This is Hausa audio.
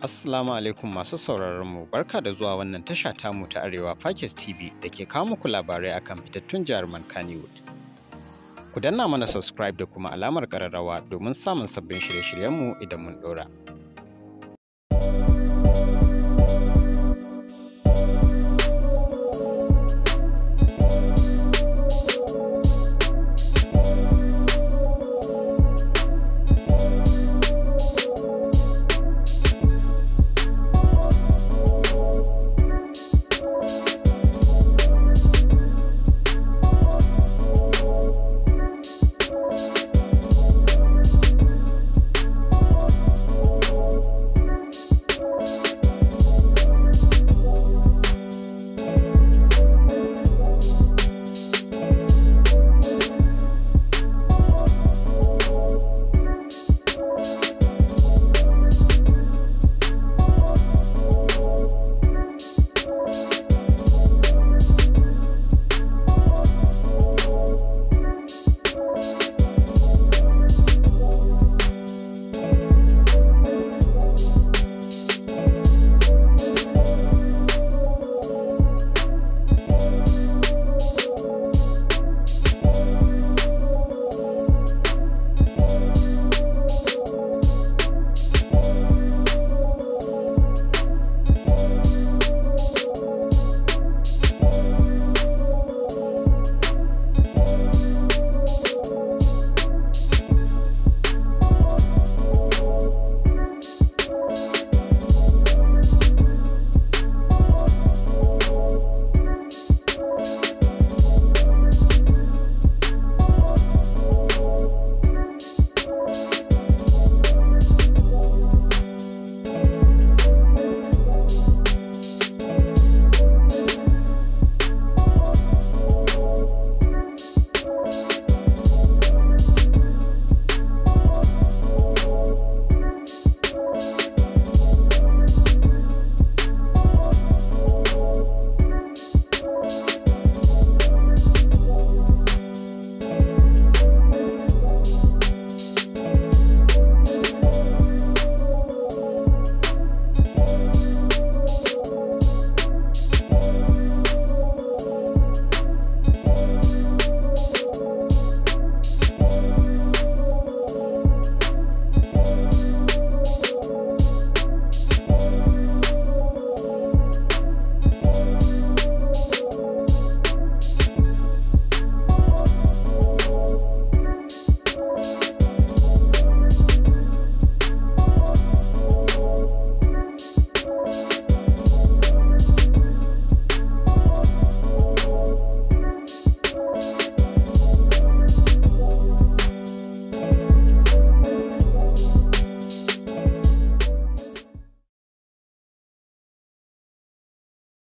Assalamu alaikum masu sauraron mu barka da zuwa wannan tasha mu ta Arewa Pakis TV da ke kawo muku labarai akan fitattun jaruman Kannywood. Ku danna mana subscribe da kuma alamar kararrawa domin samun sabbin shirye-shiryenmu idan mun ɗora.